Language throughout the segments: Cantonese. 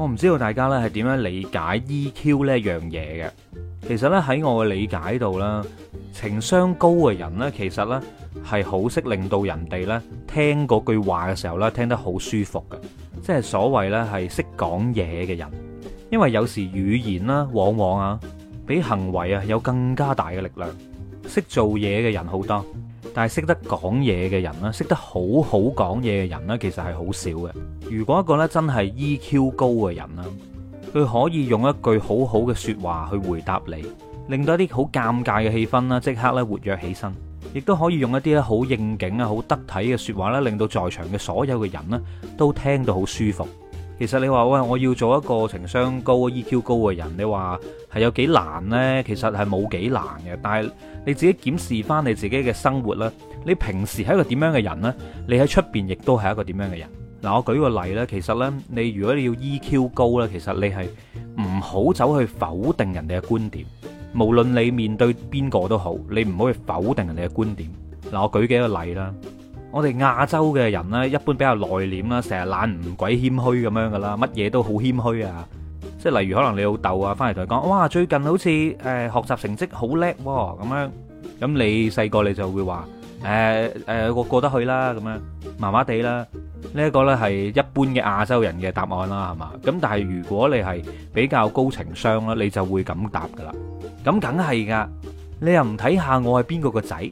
我唔知道大家咧係點樣理解 EQ 呢一樣嘢嘅。其實咧喺我嘅理解度啦，情商高嘅人咧，其實咧係好識令到人哋咧聽嗰句話嘅時候咧，聽得好舒服嘅。即係所謂咧係識講嘢嘅人，因為有時語言啦，往往啊比行為啊有更加大嘅力量。識做嘢嘅人好多。但係識得講嘢嘅人啦，識得好好講嘢嘅人啦，其實係好少嘅。如果一個咧真係 EQ 高嘅人啦，佢可以用一句好好嘅說話去回答你，令到一啲好尷尬嘅氣氛啦，即刻咧活躍起身，亦都可以用一啲咧好應景啊、好得體嘅說話咧，令到在場嘅所有嘅人咧都聽到好舒服。其實你話喂，我要做一個情商高、EQ 高嘅人，你話係有幾難呢？其實係冇幾難嘅，但係你自己檢視翻你自己嘅生活啦。你平時係一個點樣嘅人呢？你喺出邊亦都係一個點樣嘅人？嗱，我舉個例咧，其實呢，你如果你要 EQ 高呢，其實你係唔好走去否定人哋嘅觀點，無論你面對邊個都好，你唔好去否定人哋嘅觀點。嗱，我舉幾個例啦。我哋亞洲嘅人咧，一般比較內斂啦，成日懶唔鬼謙虛咁樣噶啦，乜嘢都好謙虛啊！即係例如可能你老豆啊，翻嚟同你講：哇，最近好似誒學習成績好叻喎！咁樣，咁你細個你就會話誒誒我過得去啦，咁樣麻麻地啦。呢一個咧係一般嘅亞洲人嘅答案啦，係嘛？咁但係如果你係比較高情商啦，你就會咁答噶啦。咁梗係噶，你又唔睇下我係邊個個仔？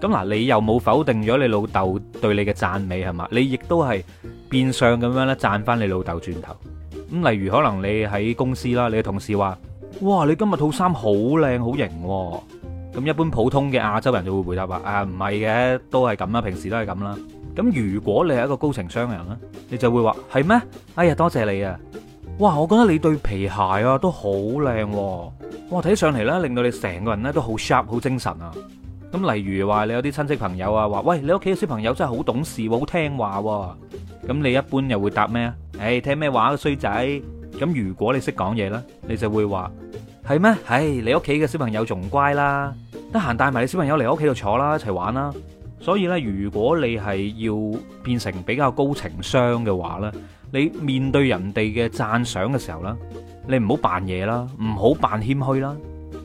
咁嗱，你又冇否定咗你老豆對你嘅讚美係嘛？你亦都係變相咁樣咧讚翻你老豆轉頭。咁例如可能你喺公司啦，你嘅同事話：哇，你今日套衫好靚，好型。咁一般普通嘅亞洲人就會回答話：誒唔係嘅，都係咁啦，平時都係咁啦。咁如果你係一個高情商嘅人咧，你就會話：係咩？哎呀，多謝你啊！哇，我覺得你對皮鞋啊都好靚喎，哇，睇上嚟咧令到你成個人咧都好 sharp，好精神啊！咁例如話你有啲親戚朋友啊，話喂，你屋企嘅小朋友真係好懂事喎，好聽話喎。咁你一般又會答咩啊？唉，聽咩話嘅衰仔。咁如果你識講嘢啦，你就會話係咩？唉，你屋企嘅小朋友仲乖啦，得閒帶埋你小朋友嚟我屋企度坐啦，一齊玩啦。所以咧，如果你係要變成比較高情商嘅話咧，你面對人哋嘅讚賞嘅時候啦，你唔好扮嘢啦，唔好扮謙虛啦，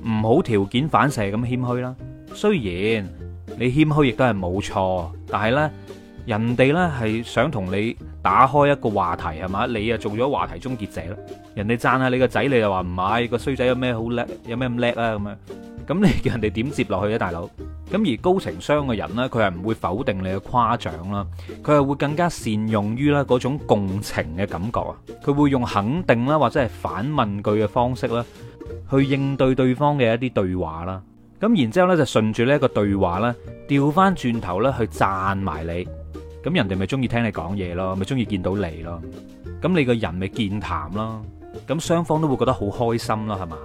唔好條件反射咁謙虛啦。雖然你謙虛亦都係冇錯，但係呢，人哋呢係想同你打開一個話題係嘛？你啊做咗話題終結者啦。人哋讚下你個仔，你又話唔買個衰仔有咩好叻，有咩咁叻啊咁樣，咁你叫人哋點接落去咧，啊，大佬？咁而高情商嘅人呢，佢係唔會否定你嘅誇獎啦，佢係會更加善用於呢嗰種共情嘅感覺啊，佢會用肯定啦或者係反問句嘅方式啦，去應對對方嘅一啲對話啦。咁然之後呢，就順住呢一個對話咧，調翻轉頭呢去讚埋你，咁人哋咪中意聽你講嘢咯，咪中意見到你咯，咁你個人咪健談咯，咁雙方都會覺得好開心咯，係嘛？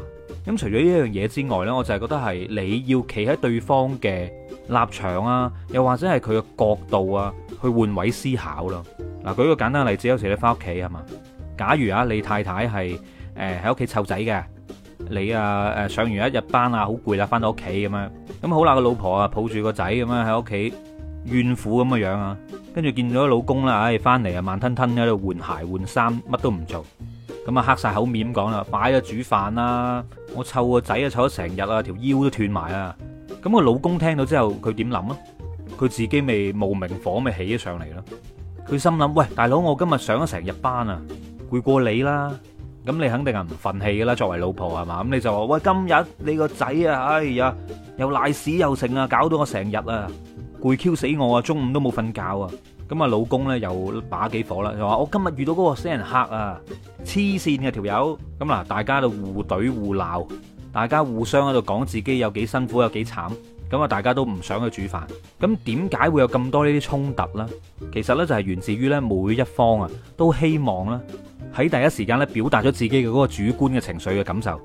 咁除咗呢樣嘢之外呢，我就係覺得係你要企喺對方嘅立場啊，又或者係佢嘅角度啊，去換位思考咯。嗱，舉個簡單例子，有時你翻屋企係嘛？假如啊，你太太係誒喺屋企湊仔嘅。你啊，誒上完一日班啊，好攰啦，翻到屋企咁樣，咁好啦，個老婆啊抱住個仔咁樣喺屋企怨婦咁嘅樣啊，跟住見到老公啦，唉、哎，翻嚟啊慢吞吞喺度換鞋換衫，乜都唔做，咁啊黑晒口面咁講啦，擺咗煮飯啦，我湊個仔啊湊咗成日啊，條腰都斷埋啊，咁個老公聽到之後佢點諗啊？佢自己咪無明火咪起咗上嚟啦，佢心諗喂，大佬我今日上咗成日班啊，攰過你啦。咁你肯定係唔忿氣噶啦，作為老婆係嘛？咁你就話喂，今日你個仔啊，哎呀，又賴屎又成啊，搞到我成日啊攰 Q 死我啊，中午都冇瞓覺啊！咁啊，老公呢又把幾火啦，就話我今日遇到嗰個死人客啊，黐線嘅條友。咁嗱，大家都互懟互鬧，大家互相喺度講自己有幾辛苦，有幾慘。咁啊，大家都唔想去煮飯。咁點解會有咁多呢啲衝突呢？其實呢就係源自於呢每一方啊都希望咧。喺第一時間咧表達咗自己嘅嗰個主觀嘅情緒嘅感受，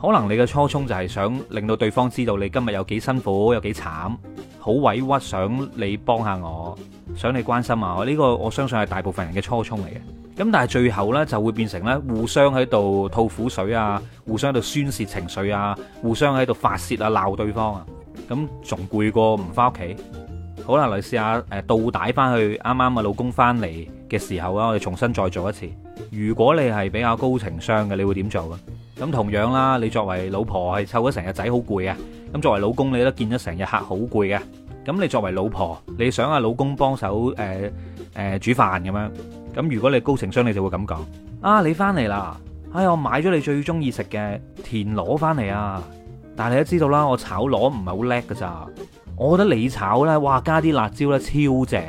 可能你嘅初衷就係想令到對方知道你今日有幾辛苦，有幾慘，好委屈，想你幫下我，想你關心下我。呢個我相信係大部分人嘅初衷嚟嘅。咁但係最後呢，就會變成呢：互相喺度吐苦水啊，互相喺度宣泄情緒啊，互相喺度發洩啊鬧對方啊，咁仲攰過唔翻屋企。好啦，嚟試下誒倒帶翻去啱啱啊老公翻嚟嘅時候啊，我哋重新再做一次。如果你係比較高情商嘅，你會點做啊？咁同樣啦，你作為老婆係湊咗成日仔好攰啊。咁作為老公，你都見咗成日客好攰啊。咁你作為老婆，你想啊老公幫手誒誒煮飯咁樣。咁如果你高情商，你就會咁講：啊，你翻嚟啦，哎，我買咗你最中意食嘅田螺翻嚟啊。但係你都知道啦，我炒螺唔係好叻㗎咋。我覺得你炒呢，哇加啲辣椒呢，超正，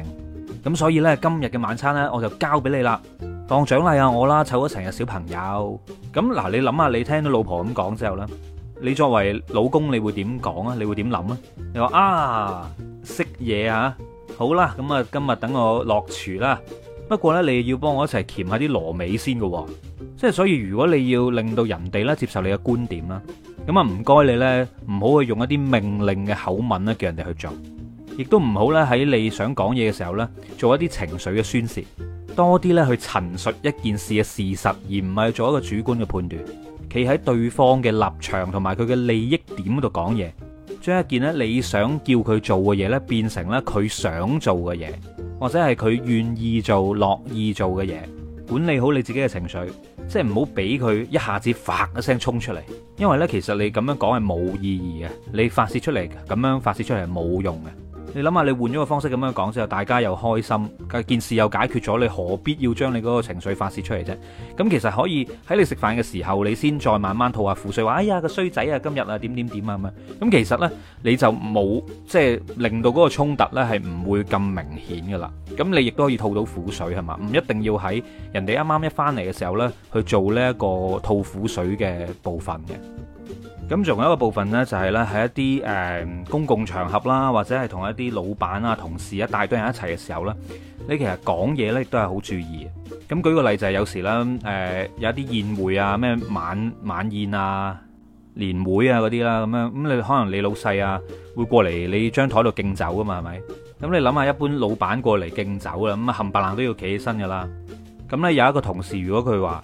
咁所以呢，今日嘅晚餐呢，我就交俾你啦，當獎勵下、啊、我啦，湊咗成日小朋友。咁嗱、啊，你諗下你聽到老婆咁講之後呢，你作為老公你會點講啊？你會點諗啊？你話啊識嘢啊，好啦，咁、嗯、啊今日等我落廚啦。不過呢，你要幫我一齊鉗下啲螺尾先㗎喎、哦，即係所以如果你要令到人哋呢接受你嘅觀點啦。咁啊，唔該你呢，唔好去用一啲命令嘅口吻，咧，叫人哋去做，亦都唔好咧喺你想講嘢嘅時候呢，做一啲情緒嘅宣洩，多啲呢去陳述一件事嘅事實，而唔係做一個主觀嘅判斷，企喺對方嘅立場同埋佢嘅利益點度講嘢，將一件咧你想叫佢做嘅嘢呢，變成呢佢想做嘅嘢，或者係佢願意做、樂意做嘅嘢，管理好你自己嘅情緒。即係唔好俾佢一下子，發一聲衝出嚟，因為呢，其實你咁樣講係冇意義嘅，你發泄出嚟，咁樣發泄出嚟係冇用嘅。你諗下，你換咗個方式咁樣講之後，大家又開心，件事又解決咗，你何必要將你嗰個情緒發洩出嚟啫？咁其實可以喺你食飯嘅時候，你先再慢慢吐下苦水，話，哎呀個衰仔啊，今日啊點點點啊，咁其實呢，你就冇即係令到嗰個衝突呢係唔會咁明顯噶啦。咁你亦都可以吐到苦水係嘛，唔一定要喺人哋啱啱一翻嚟嘅時候呢去做呢一個吐苦水嘅部分嘅。咁仲有一個部分呢，就係咧喺一啲誒、呃、公共場合啦，或者係同一啲老闆啊、同事一大堆人一齊嘅時候呢，你其實講嘢呢，亦都係好注意。咁舉個例就係有時咧，誒、呃、有一啲宴會啊，咩晚晚宴啊、年會啊嗰啲啦，咁樣咁你可能你老細啊會過嚟你張台度敬酒㗎嘛，係咪？咁你諗下，一般老闆過嚟敬酒啦，咁冚唪唥都要企起身㗎喇。咁呢，有一個同事，如果佢話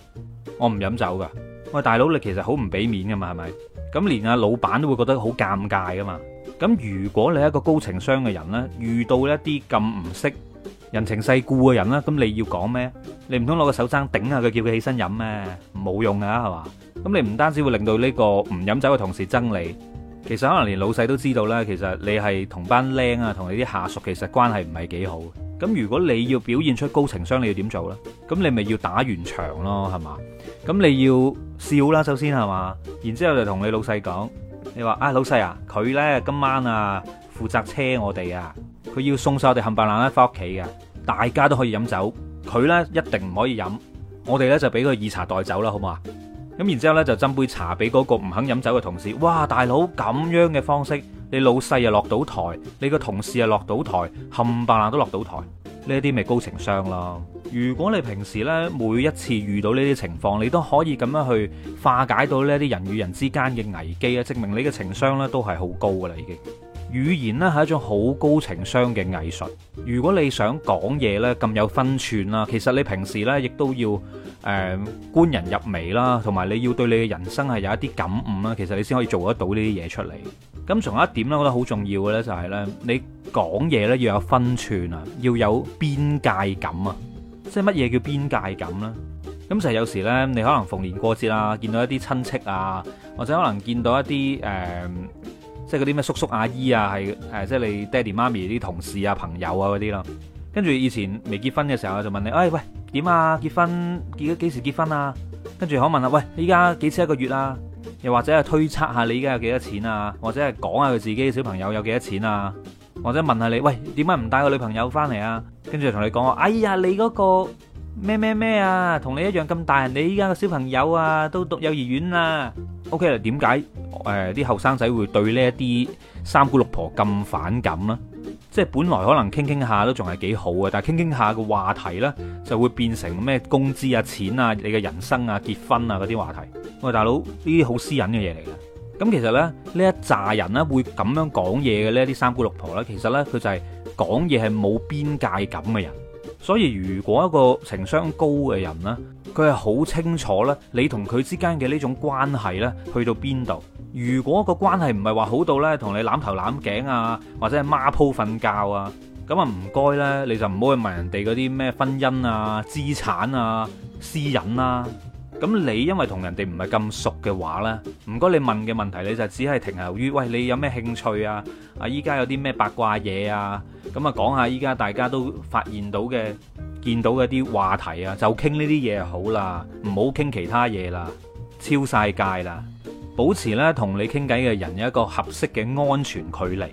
我唔飲酒㗎，我喂大佬你其實好唔俾面㗎嘛，係咪？咁連阿老闆都會覺得好尷尬噶嘛？咁如果你係一個高情商嘅人呢，遇到一啲咁唔識人情世故嘅人咧，咁你要講咩？你唔通攞個手踭頂下佢，叫佢起身飲咩？冇用噶係嘛？咁你唔單止會令到呢個唔飲酒嘅同事憎你，其實可能連老細都知道咧，其實你係同班僆啊，同你啲下屬其實關係唔係幾好。咁如果你要表現出高情商，你要點做呢？咁你咪要打圓場咯，係嘛？咁你要笑啦，首先係嘛，然之後就同你老細講，你話啊老細啊，佢呢今晚啊負責車我哋啊，佢要送晒我哋冚唪唥啦翻屋企嘅，大家都可以飲酒，佢呢一定唔可以飲，我哋呢就俾佢以茶代酒啦，好嘛？咁然之後呢，就斟杯茶俾嗰個唔肯飲酒嘅同事。哇，大佬咁樣嘅方式，你老細又落到台，你個同事又落到台，冚唪唥都落到台。呢啲咪高情商囉。如果你平時呢，每一次遇到呢啲情況，你都可以咁樣去化解到呢啲人與人之間嘅危機啊，證明你嘅情商呢都係好高噶啦已經。語言咧係一種好高情商嘅藝術。如果你想講嘢呢，咁有分寸啦，其實你平時呢，亦都要誒、呃、觀人入微啦，同埋你要對你嘅人生係有一啲感悟啦，其實你先可以做得到呢啲嘢出嚟。咁仲有一點呢，我覺得好重要嘅呢，就係、係、呢：你講嘢呢，要有分寸啊，要有邊界感啊。即係乜嘢叫邊界感咧？咁就係有時呢，你可能逢年過節啊，見到一啲親戚啊，或者可能見到一啲誒、呃即係嗰啲咩叔叔阿姨啊，係誒，即係你爹哋媽咪啲同事啊、朋友啊嗰啲咯。跟住以前未結婚嘅時候，就問你：誒喂，點啊？結婚結幾時結婚啊？跟住可問下：「喂，依家幾錢一個月啊？又或者係推測下你依家有幾多錢啊？或者係講下佢自己小朋友有幾多錢啊？或者問下你：喂，點解唔帶個女朋友翻嚟啊？跟住同你講：哎呀，你嗰個咩咩咩啊，同你一樣咁大人，人哋依家個小朋友啊都讀幼兒園啊。」O.K. 啦，點解誒啲後生仔會對呢一啲三姑六婆咁反感咧？即係本來可能傾傾下都仲係幾好嘅，但係傾傾下個話題呢，就會變成咩工資啊、錢啊、你嘅人生啊、結婚啊嗰啲話題。喂，大佬，呢啲好私隱嘅嘢嚟嘅。咁其實呢，呢一紮人咧會咁樣講嘢嘅呢啲三姑六婆呢，其實呢，佢就係講嘢係冇邊界感嘅人。所以如果一個情商高嘅人呢。佢係好清楚咧，你同佢之間嘅呢種關係咧，去到邊度？如果個關係唔係話好到咧，同你攬頭攬頸啊，或者係孖鋪瞓覺啊，咁啊唔該咧，你就唔好去問人哋嗰啲咩婚姻啊、資產啊、私隱啊。咁你因為同人哋唔係咁熟嘅話咧，唔該你問嘅問題你就只係停留於，喂，你有咩興趣啊？啊，依家有啲咩八卦嘢啊？咁啊，講下依家大家都發現到嘅。見到一啲話題啊，就傾呢啲嘢好啦，唔好傾其他嘢啦，超曬界啦！保持咧同你傾偈嘅人有一個合適嘅安全距離，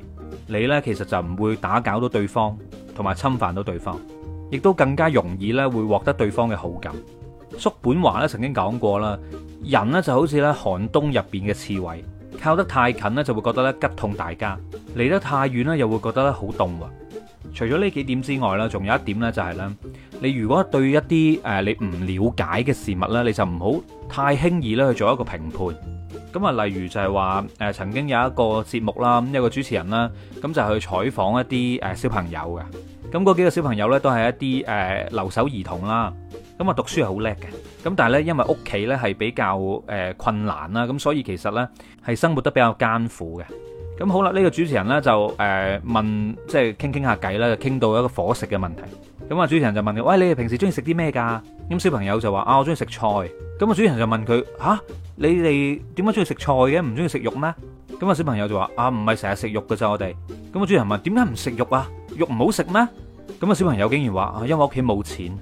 你呢其實就唔會打攪到對方，同埋侵犯到對方，亦都更加容易呢會獲得對方嘅好感。叔本華咧曾經講過啦，人呢就好似咧寒冬入邊嘅刺蝟，靠得太近呢就會覺得咧拮痛大家，離得太遠呢又會覺得呢好凍。除咗呢幾點之外啦，仲有一點呢，就係呢：你如果對一啲誒你唔了解嘅事物呢，你就唔好太輕易咧去做一個評判。咁啊，例如就係話誒曾經有一個節目啦，咁有個主持人啦，咁就去採訪一啲誒小朋友嘅。咁嗰幾個小朋友呢，都係一啲誒留守兒童啦，咁啊讀書係好叻嘅。咁但係呢，因為屋企呢係比較誒困難啦，咁所以其實呢，係生活得比較艱苦嘅。咁好啦，呢個主持人呢就誒問，即係傾傾下偈啦，就傾到一個伙食嘅問題。咁啊主持人就問：喂，你哋平時中意食啲咩噶？咁小朋友就話：啊，我中意食菜。咁啊主持人就問佢：吓，你哋點解中意食菜嘅？唔中意食肉咩？咁啊小朋友就話：啊，唔係成日食肉㗎咋，我哋。咁啊主持人問：點解唔食肉啊？肉唔好食咩？咁啊小朋友竟然話：啊，因為屋企冇錢。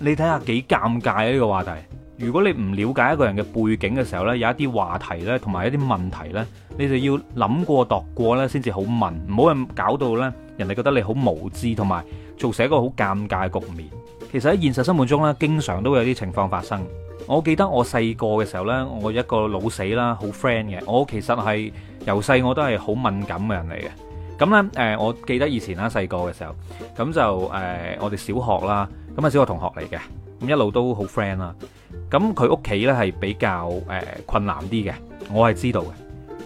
你睇下幾尷尬啊，呢個話題。如果你唔了解一個人嘅背景嘅時候呢，有一啲話題呢，同埋一啲問題呢，你就要諗過度過呢，先至好問，唔好去搞到呢，人哋覺得你好無知，同埋造成一個好尷尬嘅局面。其實喺現實生活中呢，經常都會有啲情況發生。我記得我細個嘅時候呢，我一個老死啦，好 friend 嘅，我其實係由細我都係好敏感嘅人嚟嘅。咁呢，誒，我記得以前啦，細個嘅時候，咁就誒，我哋小學啦，咁啊小學同學嚟嘅。一路都好 friend 啊。咁佢屋企呢係比較誒、呃、困難啲嘅，我係知道嘅。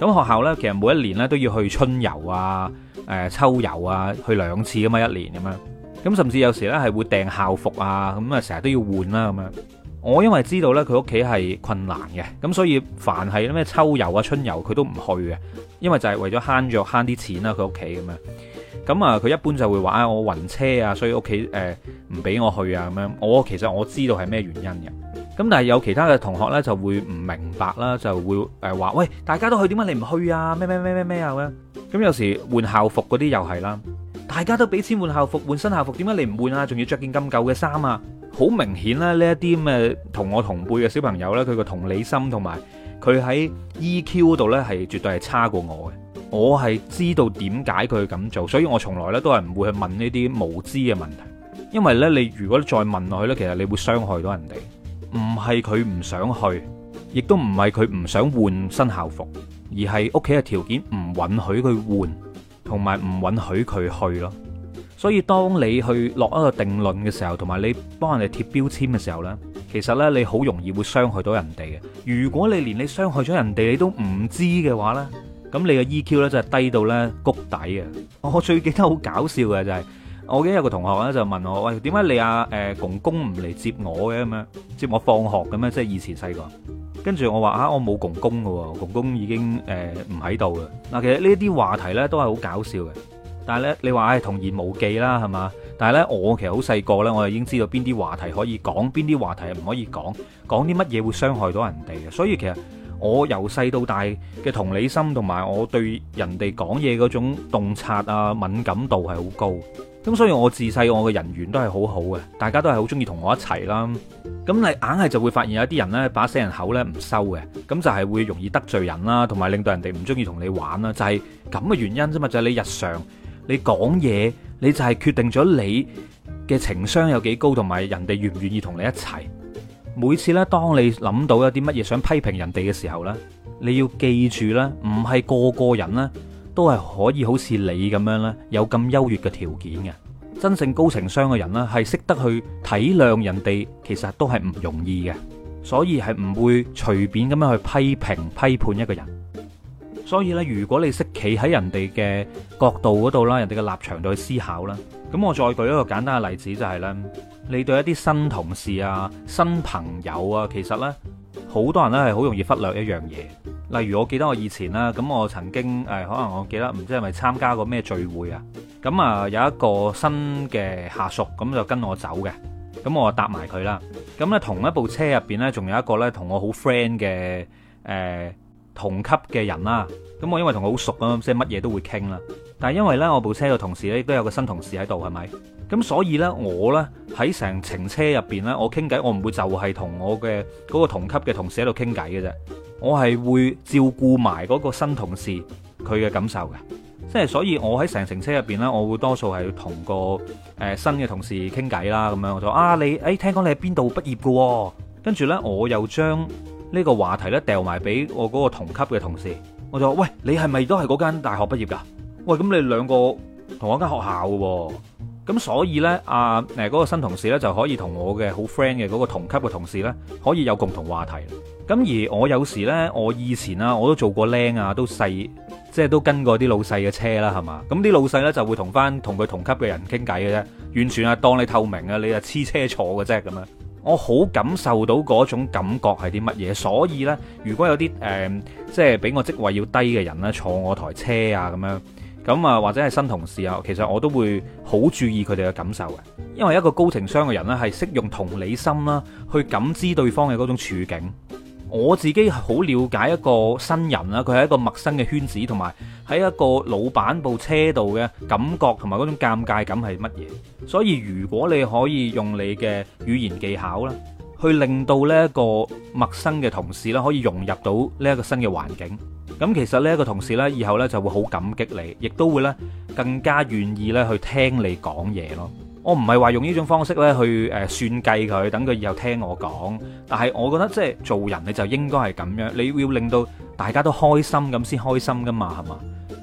咁學校呢，其實每一年呢都要去春遊啊、誒、呃、秋遊啊，去兩次噶嘛一年咁樣。咁甚至有時呢係會訂校服啊，咁啊成日都要換啦咁樣。我因為知道呢，佢屋企係困難嘅，咁所以凡係咩秋遊啊、春遊佢都唔去嘅，因為就係為咗慳咗慳啲錢啦，佢屋企咁樣。咁啊，佢一般就會話啊，我暈車啊，所以屋企誒唔俾我去啊，咁樣。我其實我知道係咩原因嘅。咁但係有其他嘅同學呢，就會唔明白啦，就會誒話、呃、喂，大家都去，點解你唔去啊？咩咩咩咩咩啊？咁有時換校服嗰啲又係啦，大家都俾錢換校服，換新校服，點解你唔換啊？仲要着件咁舊嘅衫啊？好明顯啦，呢一啲咁同我同輩嘅小朋友呢，佢個同理心同埋佢喺 EQ 度呢，係絕對係差過我嘅。我係知道點解佢咁做，所以我從來咧都係唔會去問呢啲無知嘅問題，因為呢，你如果再問落去呢，其實你會傷害到人哋。唔係佢唔想去，亦都唔係佢唔想換新校服，而係屋企嘅條件唔允許佢換，同埋唔允許佢去咯。所以當你去落一個定論嘅時候，同埋你幫人哋貼標籤嘅時候呢，其實呢，你好容易會傷害到人哋嘅。如果你連你傷害咗人哋，你都唔知嘅話呢。咁你嘅 EQ 咧就係、是、低到咧谷底啊！我最記得好搞笑嘅就係、是，我記得有個同學咧就問我：喂，點解你阿、啊、誒、呃、公公唔嚟接我嘅咁樣？接我放學咁樣，即係以前細個。跟住我話啊，我冇公公㗎喎，公公已經誒唔喺度喇。嗱、呃，其實呢啲話題咧都係好搞笑嘅。但係咧，你話唉，童言無忌啦，係嘛？但係咧，我其實好細個咧，我哋已經知道邊啲話題可以講，邊啲話題係唔可以講，講啲乜嘢會傷害到人哋嘅。所以其實。我由細到大嘅同理心同埋我對人哋講嘢嗰種洞察啊，敏感度係好高，咁所以我自細我嘅人緣都係好好嘅，大家都係好中意同我一齊啦。咁你硬係就會發現有啲人呢，把死人口呢唔收嘅，咁就係會容易得罪人啦，同埋令到人哋唔中意同你玩啦。就係咁嘅原因啫嘛，就係你日常你講嘢，你就係決定咗你嘅情商有幾高，同埋人哋願唔願意同你一齊。每次咧，當你諗到一啲乜嘢想批評人哋嘅時候呢，你要記住呢，唔係個個人呢都係可以好似你咁樣呢有咁優越嘅條件嘅。真正高情商嘅人呢，係識得去體諒人哋，其實都係唔容易嘅，所以係唔會隨便咁樣去批評批判一個人。所以呢，如果你識企喺人哋嘅角度嗰度啦，人哋嘅立場度去思考啦，咁我再舉一個簡單嘅例子就係、是、咧。你對一啲新同事啊、新朋友啊，其實呢，好多人呢係好容易忽略一樣嘢。例如，我記得我以前啦，咁我曾經誒、哎，可能我記得唔知係咪參加過咩聚會啊。咁啊，有一個新嘅下屬，咁就跟我走嘅。咁我就搭埋佢啦。咁咧同一部車入邊呢，仲有一個呢同我好 friend 嘅誒同級嘅人啦。咁我因為同佢好熟啊，即係乜嘢都會傾啦。但係因為呢，我部車嘅同事呢，都有個新同事喺度，係咪？咁所以呢，我呢喺成程車入邊呢，我傾偈，我唔會就係同我嘅嗰個同級嘅同事喺度傾偈嘅啫。我係會照顧埋嗰個新同事佢嘅感受嘅。即係所以，我喺成程車入邊呢，我會多數係同個誒新嘅同事傾偈啦。咁樣我就啊，你誒、哎、聽講你喺邊度畢業㗎？跟住呢，我又將呢個話題呢掉埋俾我嗰個同級嘅同事。我就話：喂，你係咪都係嗰間大學畢業㗎？喂，咁你兩個同一間學校喎、啊。咁所以呢，阿誒嗰個新同事呢，就可以同我嘅好 friend 嘅嗰個同級嘅同事呢，可以有共同話題。咁而我有時呢，我以前啦、啊，我都做過靚啊，都細，即係都跟過啲老細嘅車啦，係嘛？咁啲老細呢，就會同翻同佢同級嘅人傾偈嘅啫，完全係當你透明啊，你啊黐車坐嘅啫咁樣。我好感受到嗰種感覺係啲乜嘢，所以呢，如果有啲誒、呃，即係比我職位要低嘅人呢，坐我台車啊咁樣。咁啊，或者係新同事啊，其實我都會好注意佢哋嘅感受嘅，因為一個高情商嘅人咧，係識用同理心啦，去感知對方嘅嗰種處境。我自己好了解一個新人啦，佢係一個陌生嘅圈子，同埋喺一個老闆部車度嘅感覺，同埋嗰種尷尬感係乜嘢。所以如果你可以用你嘅語言技巧啦，去令到呢一個陌生嘅同事啦，可以融入到呢一個新嘅環境。咁其實呢一個同事呢，以後呢就會好感激你，亦都會呢更加願意呢去聽你講嘢咯。我唔係話用呢種方式呢去誒算計佢，等佢以後聽我講。但係我覺得即係做人你就應該係咁樣，你要令到大家都開心咁先開心噶嘛，係嘛？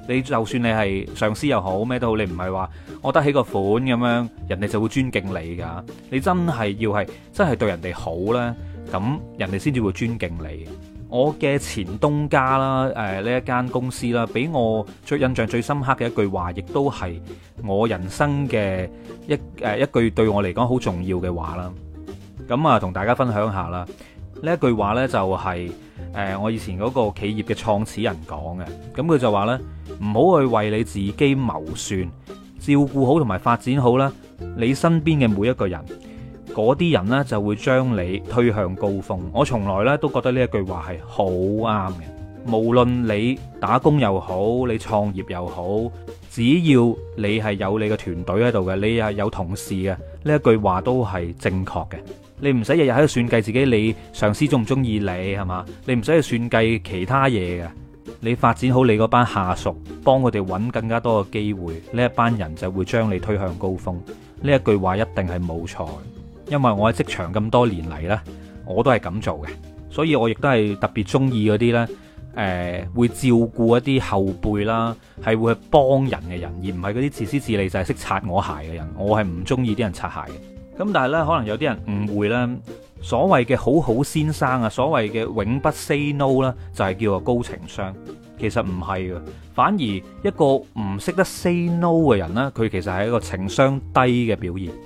你就算你係上司又好，咩都好，你唔係話我得起個款咁樣，人哋就會尊敬你噶。你真係要係真係對人哋好呢，咁人哋先至會尊敬你。我嘅前東家啦，誒呢一間公司啦，俾我最印象最深刻嘅一句話，亦都係我人生嘅一誒一句對我嚟講好重要嘅話啦。咁啊，同大家分享下啦。呢一句話呢，就係，就係誒我以前嗰個企業嘅創始人講嘅。咁佢就話咧，唔好去為你自己謀算，照顧好同埋發展好啦，你身邊嘅每一個人。嗰啲人呢，就會將你推向高峰。我從來咧都覺得呢一句話係好啱嘅。無論你打工又好，你創業又好，只要你係有你嘅團隊喺度嘅，你係有同事嘅，呢一句話都係正確嘅。你唔使日日喺度算計自己你你，你上司鍾唔鍾意你係咪？你唔使去算計其他嘢嘅。你發展好你嗰班下屬，幫佢哋揾更加多嘅機會，呢一班人就會將你推向高峰。呢一句話一定係冇錯。因為我喺職場咁多年嚟呢，我都係咁做嘅，所以我亦都係特別中意嗰啲呢，誒會照顧一啲後輩啦，係會去幫人嘅人，而唔係嗰啲自私自利就係識擦我鞋嘅人。我係唔中意啲人擦鞋嘅。咁但係呢，可能有啲人誤會咧，所謂嘅好好先生啊，所謂嘅永不 say no 呢，就係叫做高情商，其實唔係嘅，反而一個唔識得 say no 嘅人呢，佢其實係一個情商低嘅表現。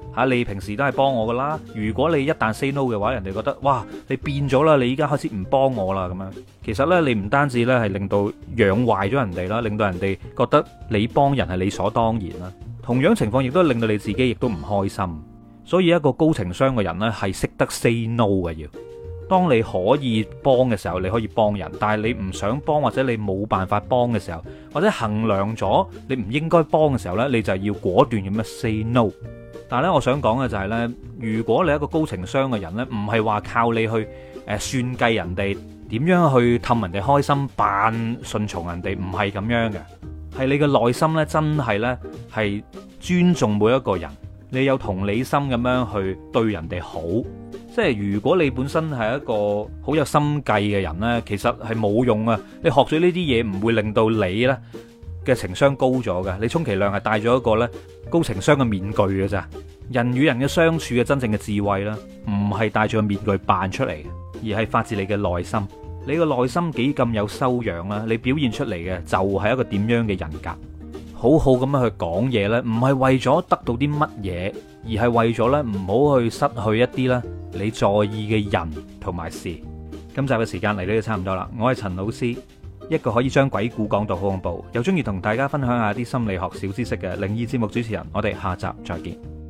吓！你平時都係幫我㗎啦。如果你一旦 say no 嘅話，人哋覺得哇，你變咗啦，你依家開始唔幫我啦咁樣。其實呢，你唔單止呢係令到養壞咗人哋啦，令到人哋覺得你幫人係理所當然啦。同樣情況亦都令到你自己亦都唔開心。所以一個高情商嘅人呢，係識得 say no 嘅。要當你可以幫嘅時候，你可以幫人；但係你唔想幫或者你冇辦法幫嘅時候，或者衡量咗你唔應該幫嘅時候呢，你就係要果斷咁樣 say no。但係咧，我想講嘅就係咧，如果你一個高情商嘅人咧，唔係話靠你去誒算計人哋，點樣去氹人哋開心，扮順從人哋，唔係咁樣嘅，係你嘅內心咧，真係咧係尊重每一個人，你有同理心咁樣去對人哋好。即係如果你本身係一個好有心計嘅人咧，其實係冇用啊！你學咗呢啲嘢唔會令到你咧。嘅情商高咗嘅，你充其量係帶咗一個咧高情商嘅面具嘅咋？人與人嘅相處嘅真正嘅智慧啦，唔係帶住個面具扮出嚟，而係發自你嘅內心。你個內心幾咁有修養啦，你表現出嚟嘅就係一個點樣嘅人格。好好咁樣去講嘢咧，唔係為咗得到啲乜嘢，而係為咗咧唔好去失去一啲咧你在意嘅人同埋事。今集嘅時間嚟到就差唔多啦，我係陳老師。一個可以將鬼故講到好恐怖，又中意同大家分享下啲心理學小知識嘅靈異節目主持人，我哋下集再見。